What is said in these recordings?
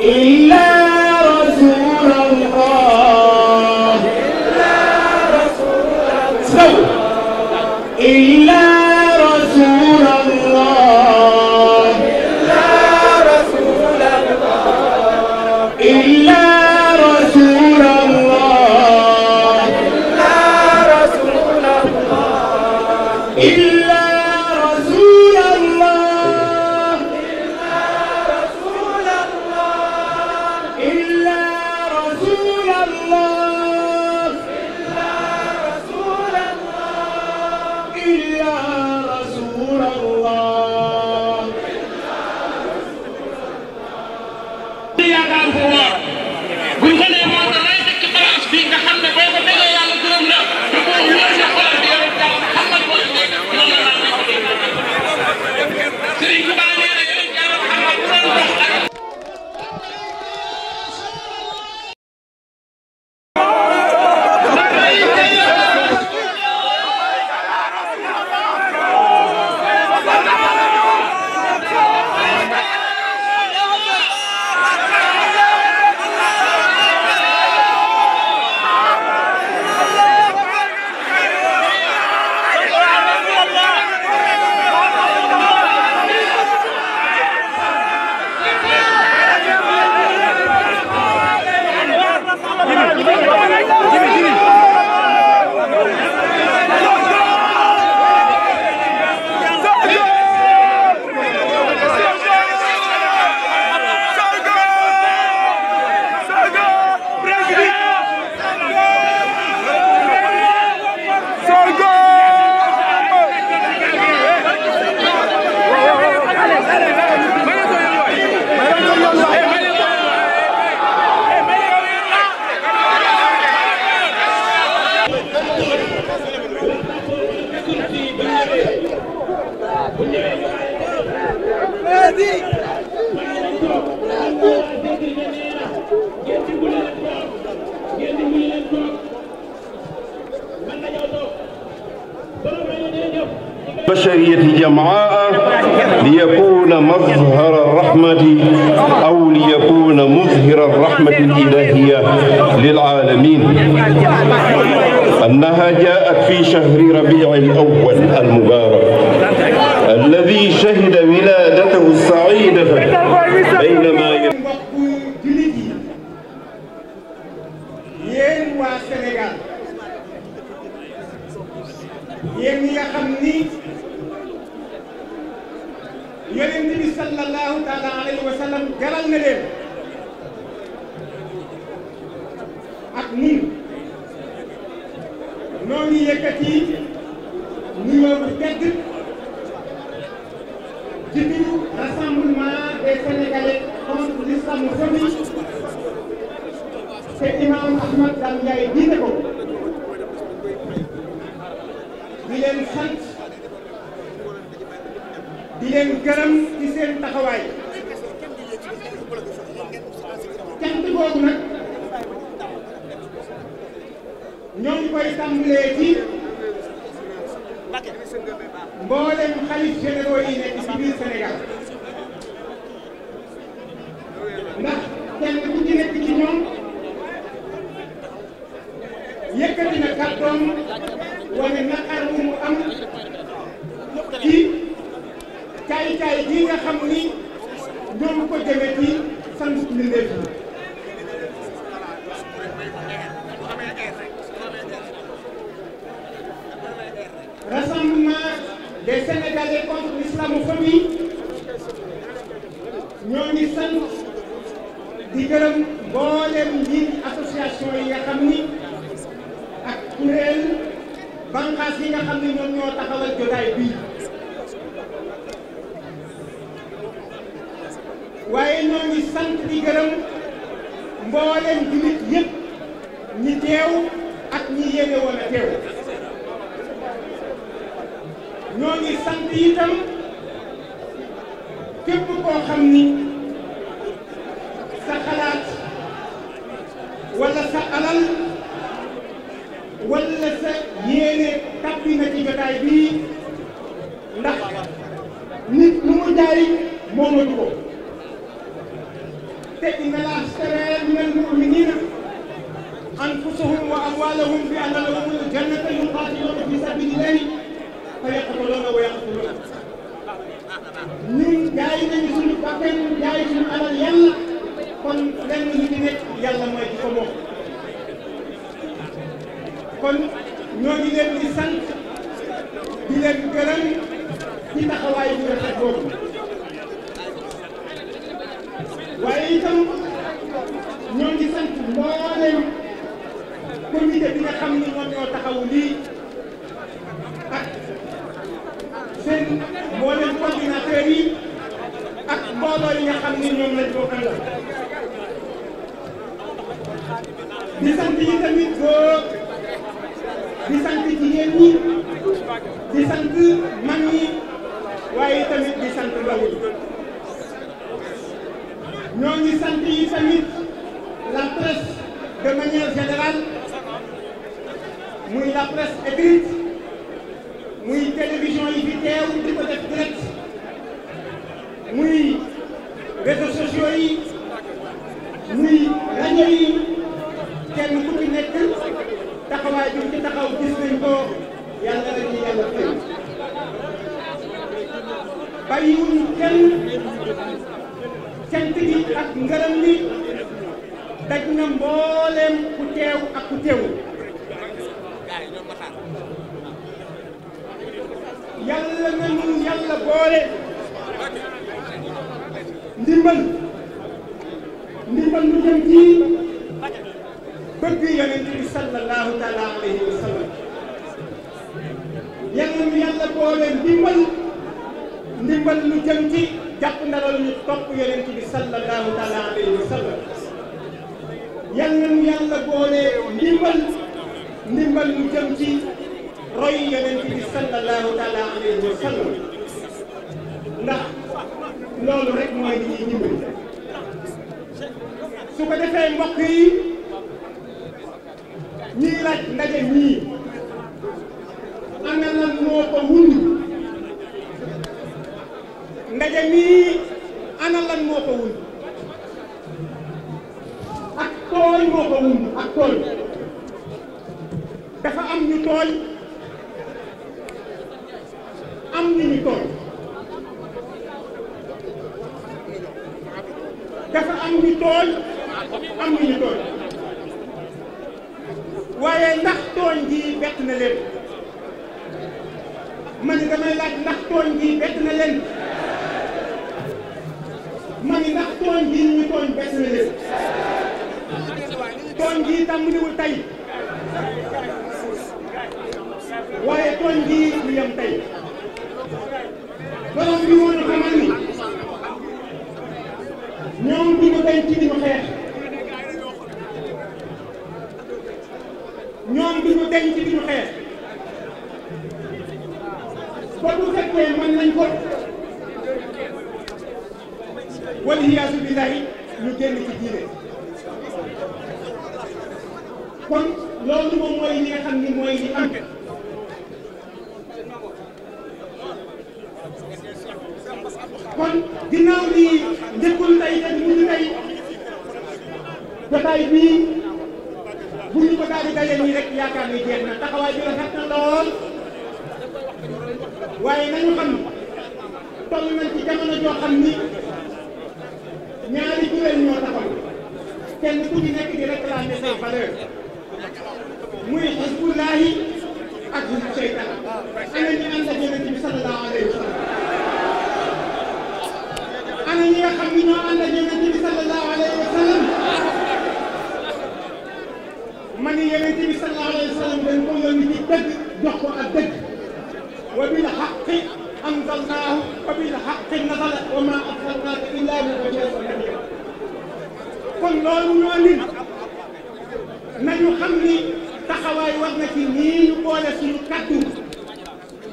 إلا البشرية جمعاء ليكون مظهر الرحمة أو ليكون مظهر الرحمة الإلهية للعالمين أنها جاءت في شهر ربيع الأول المبارك الذي شهد ولادته السعيدة taala alayhi wa sallam na leen ak ñun noo ngi yëkkati nuyoo bu tedd ci biir rassemblement des sénégalais contre l'islamophobie te imam Ahmad Dame Ndiaye jiite ko di leen sant di leen gërëm ci seen taxawaay koy tàmbalee ci mboolem xalif généraux yi nekk ci biir Sénégal ndax kenn ku ci nekk ci ñoom yëkkati na kàddoom wane naqar wu mu am ci kaay kaay gi nga xam di gërëm mboolem njiit association yi nga xam ni ak kuréel banqaas yi nga xam ni ñoom ñoo taxawal jotaay bii waaye ñoo ngi sant di gërëm mboolem jullit yëpp ñi teew ak ñi yéene a teew ñoo ngi sant itam képp koo xam ni mooma juboo te innal ashtara minal mu'minina anfusahum wa amwalahum bi anna lahumul jannata yuqatiluna fi sabilillahi fa yaqtuluna wa yaqtuluna ñun jaay nañu suñu bakkan jaay suñu alal yàlla kon lenn lu ci nekk yàlla mooy ci ko moom kon ñoo ngi leen di sant di leen gërëm ci taxawaay bu rafet boobu waaye itam ñoo ngi sant mbooleem comité bi nga xam ni ñoom ñoo taxawu lii ak seen mbooleem coordinateur yi ak mbooloo yi xam ni ñoom lañ ko àndal di sant yi tamit góor di sant jigéen ñi di sant mag ñi waaye tamit di sant ndaw ñi ñoo ngi sant la presse de manière générale muy la presse écrite muy télévision yi fi ku teewul yàlla na nun yàlla ndimbal ndimbal lu jëm ci bi sallallahu taala alayhi wa sallam yàlla nu ndimbal ndimbal lu jëm ci jàpp topp yonent bi sallallahu taala alayhi wa yal nañu yàlla boole ndimbal ndimbal mu jëm ci roy yonent bi sallallahu taala alayhi wa sallam ndax loolu rek mooy li ñuy dimbali su ko defee mbokk yi ñii laaj ndaje ñii ana lan moo ko ndaje mii ana lan moo ko tooy moo ko wund ak tooy dafa am ñu tool am ñu ñu tooy waaye ndax tool gi bett na leen ma ni damay laaj ndax na leen ma ni ndax tooñ ñu tooñ bett leen tooñ gii tàmbaliwul bi moo ñu ci di ñu ñoom du ñu tey ci di ñu xeex ba fekkee mën nañ ko wal iyaasu billaahi ñu génn ci diine kon loolu moom mooy li nga xam ni mooy li am. kon ginnaaw bi njëkkul tey te mujj tey jotaay bii bu ñu ko daal di daje nii rek yaakaar ni jeex na taxawaay bi rafet lool waaye nañu xam toll nañ ci jamono joo xam ni ñaari kuréel ñoo taxaw kenn ku ci nekk di réclamer say valeur muy xisbullaahi ak xisbu seytaan ana ñi ànd ak yonent bi sallallahu alayhi wa sallam ana ñi nga xam ne ñoo ànd ak yonent bi sallallahu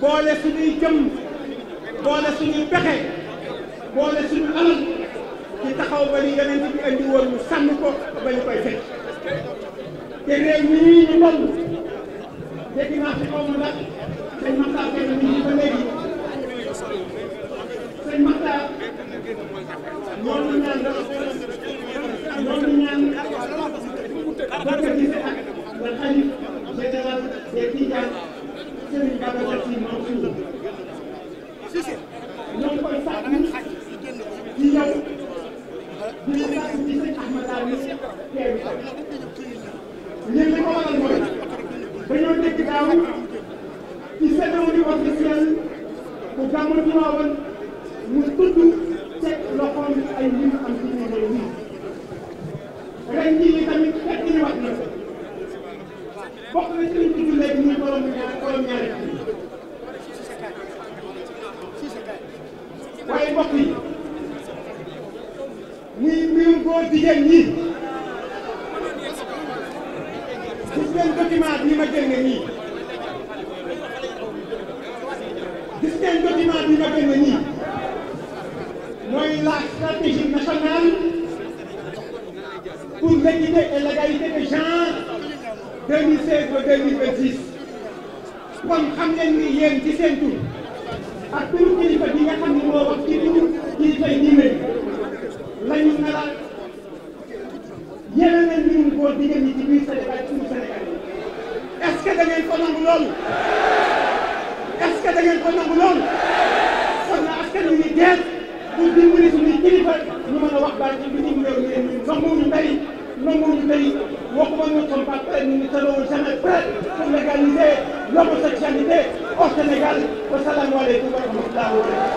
boole suñuy jëm boole suñuy pexe boole suñu alal ci taxaw ba li bi andi woon ñu sànni ko ba ñu koy fekk te réew mii ñu toll dégg naa si xaw ma nag sëñ Makhtar Kébé mi ngi ba léegi sëñ Makhtar noonu naan dara gàmmu Tiwaawan mu tudd teg loxoom ay lim am ci numéro yi ren jii ni wax na bokk na ci liñ tudd léegi muy borom ñaar borom ñaari waaye mbokk yi muy mbirum góor jigéen ñi gis ma jël nga nii gis ngeen document bi ma demee nii mooy la stratégie nationale pour l'équité et l'égalité de genre 2016 ba 2026 kon xam ngeen ni yéen ci seen tur ak turu kilifa bi nga xam ne moo wax ci turu kilifa yi diine serons jamais prêts pour légaliser l'homosexualité au Sénégal. Wassalamu alaikum wa rahmatullahi wa barakatuh.